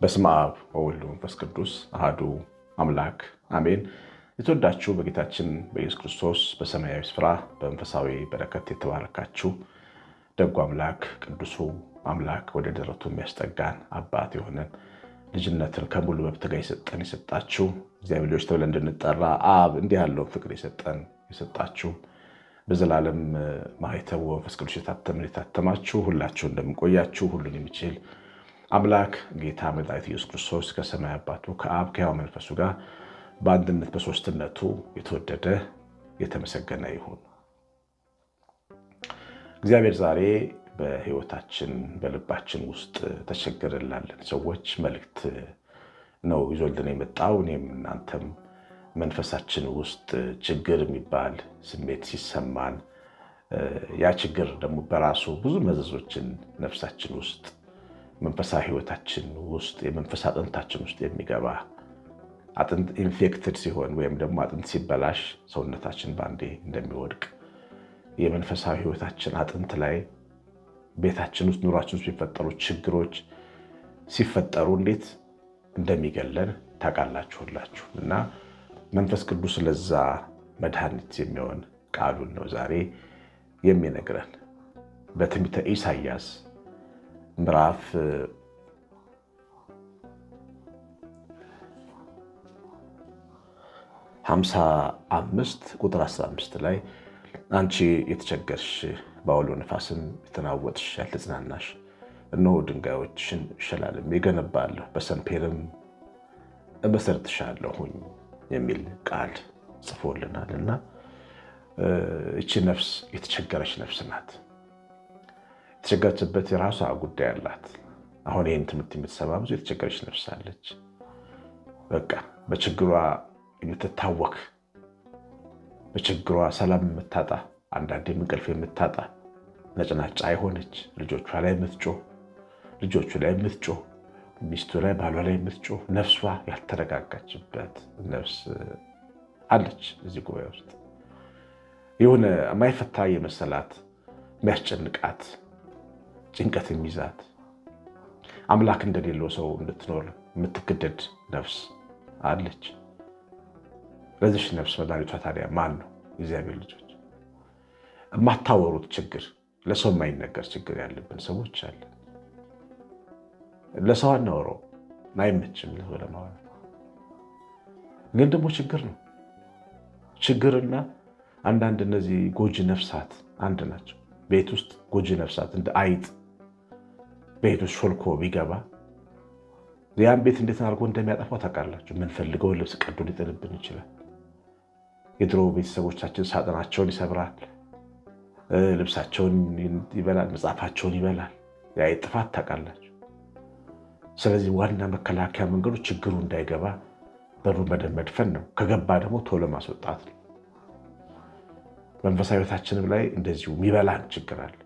በስመ አብ ወወልድ ወመንፈስ ቅዱስ አሐዱ አምላክ አሜን። የተወዳችሁ በጌታችን በኢየሱስ ክርስቶስ በሰማያዊ ስፍራ በመንፈሳዊ በረከት የተባረካችሁ ደጉ አምላክ ቅዱሱ አምላክ ወደ ደረቱ የሚያስጠጋን አባት የሆነን ልጅነትን ከሙሉ መብት ጋር የሰጠን የሰጣችሁ እግዚአብሔር ልጆች ተብለን እንድንጠራ አብ እንዲህ ያለውን ፍቅር የሰጠን የሰጣችሁ በዘላለም ማኅተም ወመንፈስ ቅዱስ የታተምን የታተማችሁ ሁላችሁ እንደምንቆያችሁ ሁሉን የሚችል አምላክ ጌታ መድኃኒት ኢየሱስ ክርስቶስ ከሰማይ አባቱ ከአብ ከሕያው መንፈሱ ጋር በአንድነት በሶስትነቱ የተወደደ የተመሰገነ ይሁን። እግዚአብሔር ዛሬ በህይወታችን በልባችን ውስጥ ተቸግረላለን ሰዎች መልእክት ነው ይዞልን የመጣው። እኔም እናንተም መንፈሳችን ውስጥ ችግር የሚባል ስሜት ሲሰማን ያ ችግር ደግሞ በራሱ ብዙ መዘዞችን ነፍሳችን ውስጥ መንፈሳዊ ህይወታችን ውስጥ የመንፈስ አጥንታችን ውስጥ የሚገባ አጥንት ኢንፌክትድ ሲሆን ወይም ደግሞ አጥንት ሲበላሽ ሰውነታችን በአንዴ እንደሚወድቅ የመንፈሳዊ ህይወታችን አጥንት ላይ ቤታችን ውስጥ ኑሯችን ውስጥ ሲፈጠሩ ችግሮች ሲፈጠሩ እንዴት እንደሚገለን ታውቃላችሁላችሁ። እና መንፈስ ቅዱስ ለዛ መድኃኒት የሚሆን ቃሉን ነው ዛሬ የሚነግረን በትንቢተ ኢሳያስ ምዕራፍ 55 ቁጥር 15 ላይ አንቺ የተቸገርሽ በአውሎ ነፋስም የተናወጥሽ ያልተጽናናሽ እነሆ ድንጋዮችን እሸላልም የገነባለሁ በሰንፔርም እመሰርትሻለሁኝ የሚል ቃል ጽፎልናል እና እቺ ነፍስ የተቸገረች ነፍስ ናት። የተቸገረችበት የራሷ ጉዳይ አላት። አሁን ይህን ትምህርት የምትሰማ ብዙ የተቸገረች ነፍስ አለች። በቃ በችግሯ የምትታወክ በችግሯ ሰላም የምታጣ አንዳንዴ እንቅልፍ የምታጣ ነጭናጫ የሆነች ልጆቿ ላይ ምትጮ ልጆቹ ላይ የምትጮ ሚስቱ ላይ ባሏ ላይ የምትጮ ነፍሷ ያልተረጋጋችበት ነፍስ አለች። እዚህ ጉባኤ ውስጥ የሆነ ማይፈታ የመሰላት የሚያስጨንቃት ጭንቀት የሚይዛት አምላክ እንደሌለው ሰው እንድትኖር የምትገደድ ነፍስ አለች። ለዚሽ ነፍስ መድኃኒቷ ታዲያ ማን ነው? እግዚአብሔር ልጅ የማታወሩት ችግር ለሰው የማይነገር ችግር ያለብን ሰዎች አለ። ለሰው አናወረው አይመችም፣ ለማውራት ግን ደግሞ ችግር ነው። ችግርና አንዳንድ እነዚህ ጎጂ ነፍሳት አንድ ናቸው። ቤት ውስጥ ጎጂ ነፍሳት እንደ አይጥ ቤት ውስጥ ሾልኮ ቢገባ ያን ቤት እንዴት አድርጎ እንደሚያጠፋው ታውቃላችሁ። የምንፈልገውን ልብስ ቀዶ ሊጥልብን ይችላል። የድሮ ቤተሰቦቻችን ሳጥናቸውን ይሰብራል። ልብሳቸውን ይበላል፣ መጽሐፋቸውን ይበላል። ያ ጥፋት ታውቃላችሁ። ስለዚህ ዋና መከላከያ መንገዱ ችግሩ እንዳይገባ በሩን በደንብ መድፈን ነው። ከገባ ደግሞ ቶሎ ማስወጣት ነው። መንፈሳዊ ሕይወታችንም ላይ እንደዚሁ የሚበላን ችግር አለ።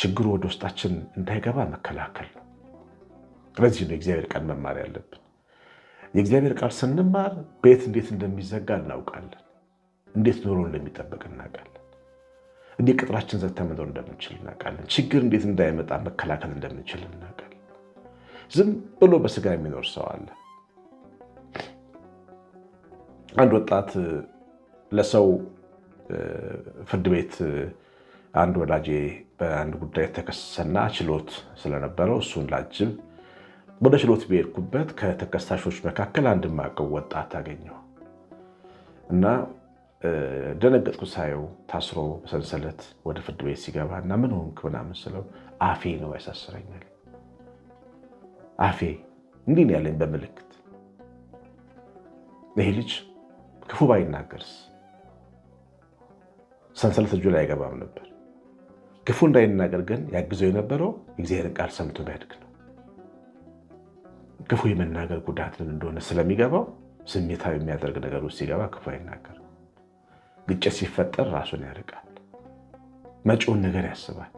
ችግሩ ወደ ውስጣችን እንዳይገባ መከላከል ነው። ስለዚህ ነው የእግዚአብሔር ቃል መማር ያለብን። የእግዚአብሔር ቃል ስንማር ቤት እንዴት እንደሚዘጋ እናውቃለን። እንዴት ኑሮ እንደሚጠበቅ እናውቃለን። እንዴት ቅጥራችን ዘግተን መኖር እንደምንችል እናውቃለን። ችግር እንዴት እንዳይመጣ መከላከል እንደምንችል እናውቃለን። ዝም ብሎ በስጋ የሚኖር ሰው አለ። አንድ ወጣት ለሰው ፍርድ ቤት አንድ ወዳጄ በአንድ ጉዳይ ተከሰሰና ችሎት ስለነበረው እሱን ላጅብ ወደ ችሎት ብሄድኩበት ከተከሳሾች መካከል አንድ ማቀው ወጣት አገኘው እና ደነገጥኩ ሳየው ታስሮ ሰንሰለት ወደ ፍርድ ቤት ሲገባ እና ምን ሆንክ ምናምን ስለው አፌ ነው ያሳስረኛል። አፌ እንዲህ ነው ያለኝ በምልክት ይሄ ልጅ ክፉ ባይናገርስ ሰንሰለት እጁ ላይ አይገባም ነበር። ክፉ እንዳይናገር ግን ያግዘው የነበረው እግዚአብሔርን ቃል ሰምቶ ሚያድግ ነው። ክፉ የመናገር ጉዳትን እንደሆነ ስለሚገባው ስሜታዊ የሚያደርግ ነገር ውስጥ ሲገባ ክፉ አይናገር ግጭት ሲፈጠር ራሱን ያርቃል። መጪውን ነገር ያስባል።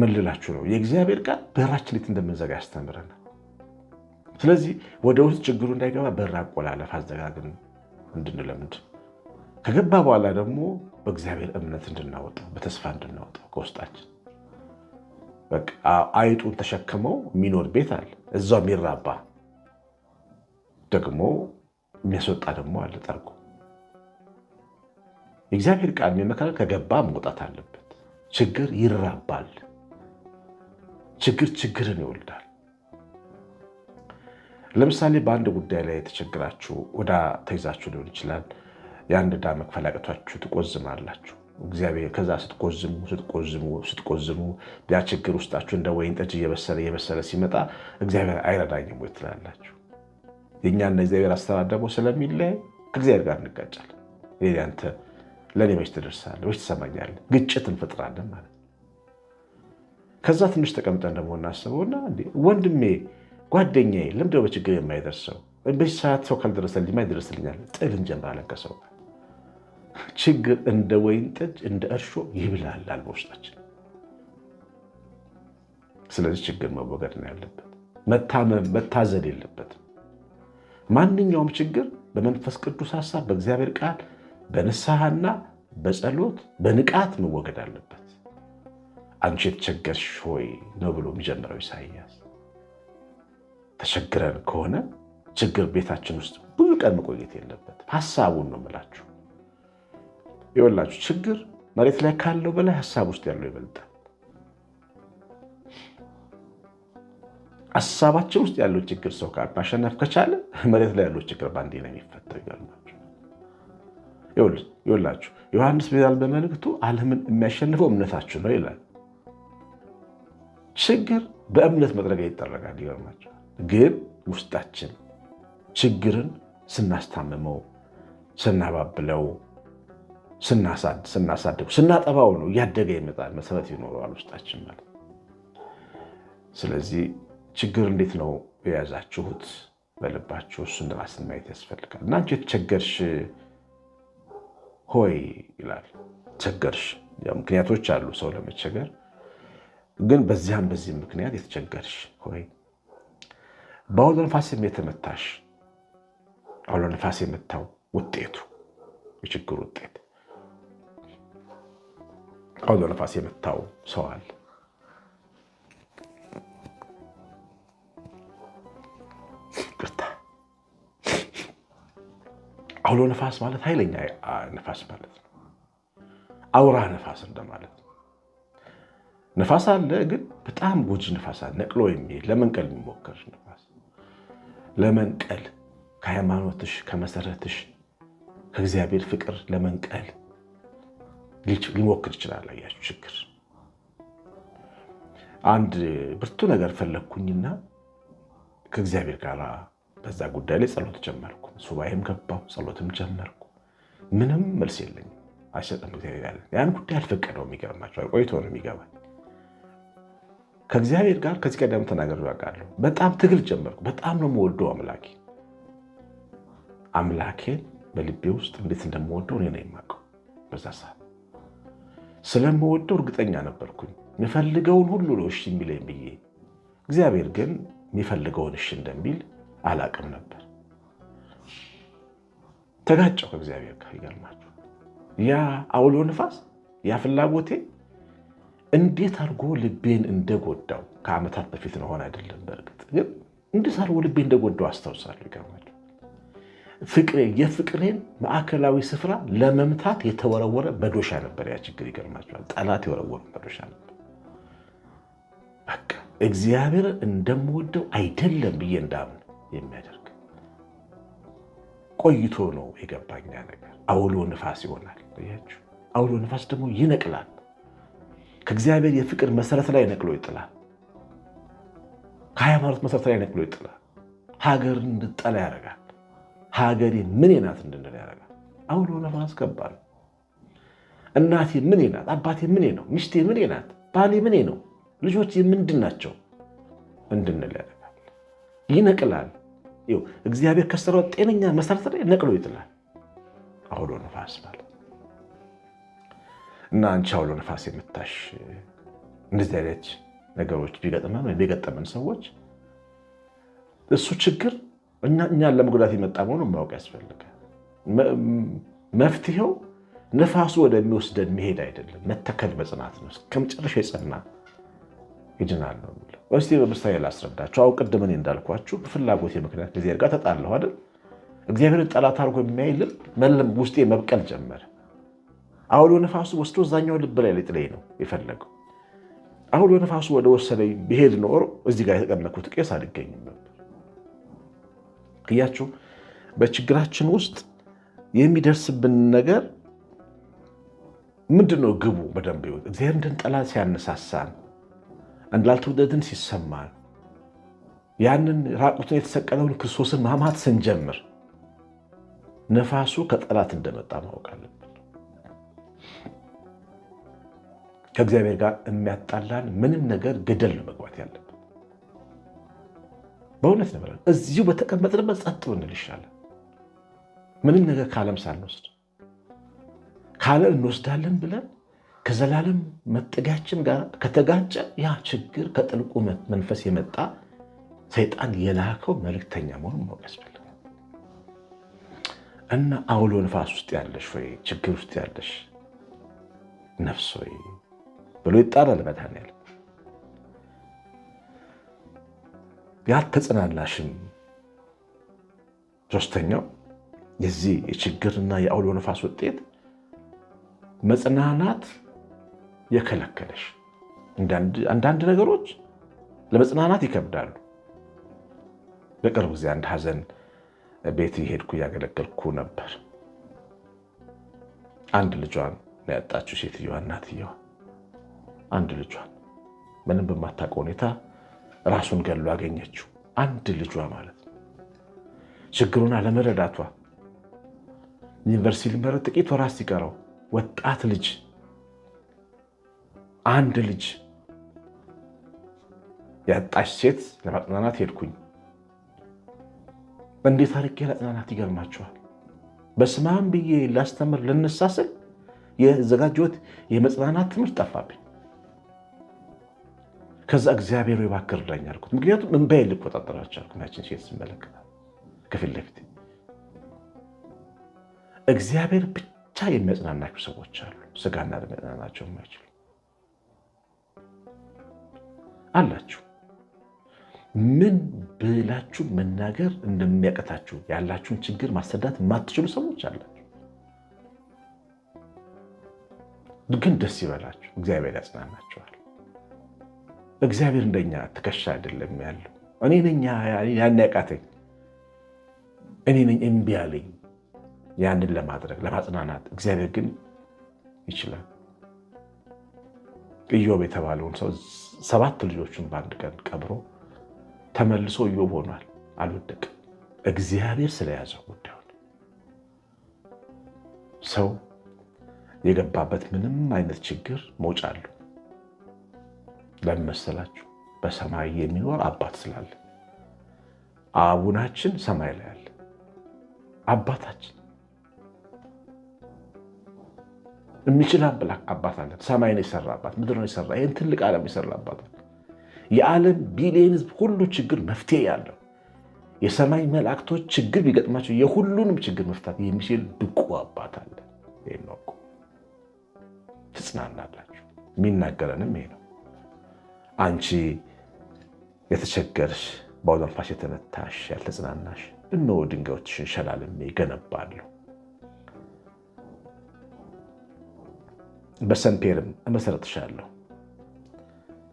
ምን ልላችሁ ነው? የእግዚአብሔር ቃል በራችን እንዴት እንደምንዘጋ ያስተምረናል። ስለዚህ ወደ ውስጥ ችግሩ እንዳይገባ በር አቆላለፍ አዘጋግን እንድንለምድ ከገባ በኋላ ደግሞ በእግዚአብሔር እምነት እንድናወጣው በተስፋ እንድናወጣው ከውስጣችን አይጡን ተሸክመው የሚኖር ቤት አለ። እዛው የሚራባ ደግሞ የሚያስወጣ ደግሞ አለ ጠርጎ የእግዚአብሔር ቃል የሚመካከል ከገባ መውጣት አለበት። ችግር ይራባል። ችግር ችግርን ይወልዳል። ለምሳሌ በአንድ ጉዳይ ላይ የተቸግራችሁ ወዳ ተይዛችሁ ሊሆን ይችላል። የአንድ ዕዳ መክፈል አቅቷችሁ ትቆዝማላችሁ። እግዚአብሔር ከዛ ስትቆዝሙ ስትቆዝሙ ስትቆዝሙ ያ ችግር ውስጣችሁ እንደ ወይን ጠጅ እየበሰለ እየበሰለ ሲመጣ እግዚአብሔር አይረዳኝም ወይ ትላላችሁ። የእኛና እግዚአብሔር አሰራር ደግሞ ከእግዚአብሔር ጋር እንጋጫለን። አንተ ለእኔ መች ትደርሳለህ? መች ትሰማኛለህ? ግጭት እንፈጥራለን ማለት ከዛ ትንሽ ተቀምጠን ደግሞ እናስበውና ወንድሜ፣ ጓደኛዬ ለምንድን በችግር የማይደርሰው? በዚህ ሰዓት ሰው ካልደረሰልኝ የማይደርስልኛል። ጥል እንጀምራለን ከሰው ችግር እንደ ወይን ጠጅ እንደ እርሾ ይብላላል በውስጣችን። ስለዚህ ችግር መወገድ ነው ያለበት። መታመም መታዘል የለበትም። ማንኛውም ችግር በመንፈስ ቅዱስ ሀሳብ በእግዚአብሔር ቃል በንስሐና በጸሎት በንቃት መወገድ አለበት። አንቺ የተቸገርሽ ሆይ ነው ብሎ የሚጀምረው ኢሳያስ። ተቸግረን ከሆነ ችግር ቤታችን ውስጥ ብዙ ቀን መቆየት የለበትም። ሀሳቡን ነው የምላችሁ። ይኸውላችሁ ችግር መሬት ላይ ካለው በላይ ሀሳብ ውስጥ ያለው ይበልጣል። ሀሳባችን ውስጥ ያለው ችግር ሰው ማሸነፍ ከቻለ መሬት ላይ ያለው ችግር በአንዴ ነው የሚፈታው። ይገርማል። ይወላችሁ ዮሐንስ ቤዛል በመልእክቱ ዓለምን የሚያሸንፈው እምነታችሁ ነው ይላል። ችግር በእምነት መጥረጊያ ይጠረጋል። ይገርማችኋል። ግን ውስጣችን ችግርን ስናስታምመው፣ ስናባብለው፣ ስናሳድግ ስናጠባው ነው እያደገ ይመጣል። መሰረት ይኖረዋል ውስጣችን ማለት። ስለዚህ ችግር እንዴት ነው የያዛችሁት? በልባችሁ እሱን ራስን ማየት ያስፈልጋል። እና የተቸገርሽ ሆይ ይላል። ቸገርሽ ምክንያቶች አሉ ሰው ለመቸገር ግን በዚያም በዚህ ምክንያት የተቸገርሽ ሆይ በአውሎ ነፋስም የተመታሽ አውሎ ነፋስ የመታው ውጤቱ የችግር ውጤት አውሎ ነፋስ የመታው ሰው አለ። አውሎ ነፋስ ማለት ኃይለኛ ነፋስ ማለት ነው። አውራ ነፋስ እንደማለት ነፋስ አለ፣ ግን በጣም ጎጂ ነፋስ አለ። ነቅሎ የሚሄድ ለመንቀል የሚሞከር ነፋስ፣ ለመንቀል ከሃይማኖትሽ ከመሰረትሽ ከእግዚአብሔር ፍቅር ለመንቀል ሊሞክር ይችላል። አያችሁ ችግር አንድ ብርቱ ነገር ፈለግኩኝና ከእግዚአብሔር ጋር በዛ ጉዳይ ላይ ጸሎት ጀመርኩ። ሱባኤም ገባው ጸሎትም ጀመርኩ። ምንም መልስ የለኝም። አይሰጥም እግዚአብሔር ያለ ያን ጉዳይ አልፈቀደው። የሚገርማቸዋል። ቆይቶ ነው የሚገባል። ከእግዚአብሔር ጋር ከዚህ ቀደም ተናገር ያውቃለሁ። በጣም ትግል ጀመርኩ። በጣም ነው የምወደው አምላኬ አምላኬን በልቤ ውስጥ እንዴት እንደምወደው እኔ ነው የማውቀው። በዛ ሰዓት ስለምወደው እርግጠኛ ነበርኩኝ። የሚፈልገውን ሁሉ ነው እሺ የሚለኝ ብዬ እግዚአብሔር ግን የሚፈልገውን እሺ እንደሚል አላቅም ነበር። ተጋጨው ከእግዚአብሔር ጋር። ይገርማችሁ ያ አውሎ ንፋስ ያ ፍላጎቴ እንዴት አድርጎ ልቤን እንደጎዳው ከዓመታት በፊት ነሆን አይደለም። በእርግጥ ግን እንዴት አድርጎ ልቤን እንደጎዳው አስታውሳለሁ። ይገርማችሁ ፍቅሬ የፍቅሬን ማዕከላዊ ስፍራ ለመምታት የተወረወረ መዶሻ ነበር ያ ችግር። ይገርማችኋል ጠላት የወረወረ መዶሻ ነበር። በቃ እግዚአብሔር እንደምወደው አይደለም ብዬ እንዳምን የሚያደርግ ቆይቶ ነው የገባኝ ነገር አውሎ ንፋስ ይሆናል። ያችሁ አውሎ ንፋስ ደግሞ ይነቅላል። ከእግዚአብሔር የፍቅር መሰረት ላይ ነቅሎ ይጥላል። ከሃይማኖት መሰረት ላይ ነቅሎ ይጥላል። ሀገርን እንድጠላ ያደርጋል። ሀገሬ ምን ናት እንድንል ያደርጋል። አውሎ ነፋስ ከባድ። እናቴ ምን ናት? አባቴ ምን ነው? ሚስቴ ምን ናት? ባሌ ምን ነው? ልጆች ምንድን ናቸው እንድንል ያደርጋል። ይነቅላል። ይኸው እግዚአብሔር ከሰራው ጤነኛ መሰረት ላይ ነቅሎ ይጥላል አውሎ ነፋስ ማለት እና አንቺ አውሎ ነፋስ የምታሽ እንደዚህ አይነት ነገሮች ቢገጥመን ወይም የገጠመን ሰዎች እሱ ችግር እኛን ለመጉዳት የመጣ መሆኑን ማወቅ ያስፈልጋል። መፍትሄው ነፋሱ ወደሚወስደን መሄድ አይደለም፣ መተከል መጽናት ነው። እስከመጨረሻ የጸና ይድናል ነው። እስቲ በምሳሌ ላስረዳቸው። አሁን ቅድም እኔ እንዳልኳችሁ በፍላጎቴ ምክንያት ከእግዚአብሔር ጋር ተጣለሁ አይደል? እግዚአብሔርን ጠላት አድርጎ የሚያይ ልብ መለም ውስጤ መብቀል ጀመረ። አውሎ ነፋሱ ወስዶ እዛኛው ልብ ላይ ሊጥለኝ ነው የፈለገው። አውሎ ነፋሱ ወደ ወሰደኝ ብሄድ ኖሮ እዚህ ጋር የተቀመጥኩት ቄስ አልገኝም ነበር። እያችሁ በችግራችን ውስጥ የሚደርስብን ነገር ምንድን ነው? ግቡ በደንብ ይወጥ እግዚአብሔር እንድንጠላ ሲያነሳሳን እንዳልተወደድን ሲሰማን ያንን ራቁትን የተሰቀለውን ክርስቶስን ማማት ስንጀምር ነፋሱ ከጠላት እንደመጣ ማወቅ አለብን። ከእግዚአብሔር ጋር የሚያጣላን ምንም ነገር ገደል ነው መግባት ያለብን። በእውነት ነው። እዚሁ በተቀመጥንበት ጸጥ ብንል ይሻላል። ምንም ነገር ከዓለም ሳንወስድ ካለ እንወስዳለን ብለን ከዘላለም መጠጊያችን ጋር ከተጋጨ ያ ችግር ከጥልቁ መንፈስ የመጣ ሰይጣን የላከው መልእክተኛ መሆኑን ማወቅ ያስፈልጋል። እና አውሎ ንፋስ ውስጥ ያለሽ ወይ ችግር ውስጥ ያለሽ ነፍስ ወይ ብሎ ይጣራል መድኃኒዓለም። ያልተጽናናሽም ሶስተኛው የዚህ የችግርና የአውሎ ንፋስ ውጤት መጽናናት የከለከለሽ? አንዳንድ ነገሮች ለመጽናናት ይከብዳሉ። በቅርብ ጊዜ አንድ ሀዘን ቤት ሄድኩ፣ እያገለገልኩ ነበር። አንድ ልጇን ነው ያጣችው ሴትዮዋ፣ እናትየዋ አንድ ልጇን ምንም በማታውቀው ሁኔታ ራሱን ገሎ አገኘችው። አንድ ልጇ ማለት ነው። ችግሩን አለመረዳቷ ዩኒቨርሲቲ ሊመረቅ ጥቂት ወራት ሲቀረው ወጣት ልጅ አንድ ልጅ ያጣች ሴት ለማጽናናት ሄድኩኝ። እንዴት አድርጌ ላጽናናት ይገርማችኋል። በስማም ብዬ ላስተምር ልንሳስል የዘጋጀሁት የመጽናናት ትምህርት ጠፋብኝ። ከዛ እግዚአብሔር ይባርክልኝ አልኩት። ምክንያቱም እንባዬ ልቆጣጠራቸው አልኩ። ያችን ሴት ስመለከታል ከፊት ለፊት እግዚአብሔር ብቻ የሚያጽናናቸው ሰዎች አሉ። ስጋና ለመጽናናቸው የማይችሉ አላችሁ። ምን ብላችሁ መናገር እንደሚያቀታችሁ ያላችሁን ችግር ማሰዳት የማትችሉ ሰዎች አላችሁ። ግን ደስ ይበላችሁ፣ እግዚአብሔር ያጽናናችኋል። እግዚአብሔር እንደኛ ትከሻ አይደለም ያለው። እኔ ነኝ ያን ያቃተኝ፣ እኔ ነኝ እምቢ ያለኝ፣ ያንን ለማድረግ ለማጽናናት እግዚአብሔር ግን ይችላል። ኢዮብ የተባለውን ሰው ሰባት ልጆቹን በአንድ ቀን ቀብሮ ተመልሶ ኢዮብ ሆኗል። አልወደቅም። እግዚአብሔር ስለያዘው ጉዳዩን ሰው የገባበት ምንም አይነት ችግር መውጫ አለው። ለምን መሰላችሁ? በሰማይ የሚኖር አባት ስላለ አቡናችን ሰማይ ላይ አለ አባታችን የሚችል አባት አለ። ሰማይን የሰራባት ምድር የሰራ ይህን ትልቅ ዓለም የሰራባት የዓለም ቢሊየን ህዝብ ሁሉ ችግር መፍትሄ ያለው የሰማይ መላእክቶች ችግር ቢገጥማቸው የሁሉንም ችግር መፍታት የሚችል ብቁ አባት አለ። ይህ ነው እኮ ትጽናናላችሁ። የሚናገረንም ይሄ ነው። አንቺ የተቸገርሽ በአውሎ ነፋስ የተመታሽ ያልተጽናናሽ፣ እነሆ ድንጋዮችሽን ሸላልሜ ገነባለሁ በሰንፔርም እመሰረትሻለሁ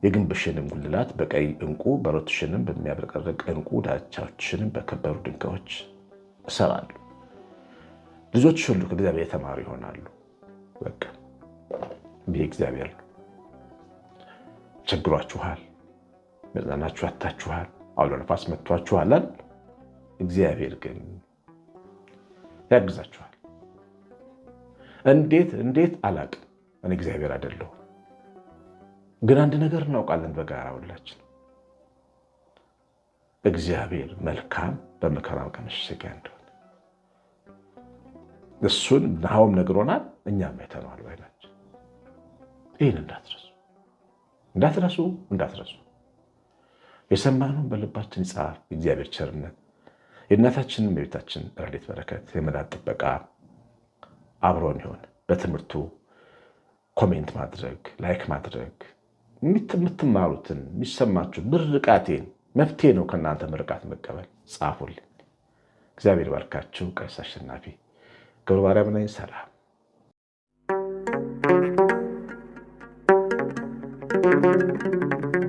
የግንብሽንም ጉልላት በቀይ እንቁ በሮትሽንም በሚያብረቀርቅ እንቁ ዳርቻዎችሽንም በከበሩ ድንጋዮች እሰራለሁ። ልጆች ሁሉ ከእግዚአብሔር የተማሩ ይሆናሉ። በቃ ይህ እግዚአብሔር ነው። ቸግሯችኋል፣ መጽናናችሁ አታችኋል፣ አውሎ ነፋስ መጥቷችኋላል። እግዚአብሔር ግን ያግዛችኋል። እንዴት እንዴት አላቅም እኔ እግዚአብሔር አይደለሁም። ግን አንድ ነገር እናውቃለን በጋራ ሁላችን እግዚአብሔር መልካም በመከራው ቀን መሸሸጊያ እንደሆነ እሱን ናሆም ነግሮናል፣ እኛም አይተነዋል ባይናችን። ይህን እንዳትረሱ እንዳትረሱ እንዳትረሱ የሰማነውን በልባችን ጻፍ። እግዚአብሔር ቸርነት የእናታችንን የቤታችን እርዴት በረከት የመዳን ጥበቃ አብሮን ይሆን በትምህርቱ ኮሜንት ማድረግ፣ ላይክ ማድረግ የምትማሩትን የሚሰማችሁ ምርቃቴን መፍትሄ ነው። ከእናንተ ምርቃት መቀበል ጻፉልኝ። እግዚአብሔር ባርካችሁ። ቀሲስ አሸናፊ ገብረ ማርያም ነኝ። ሰላም Thank you.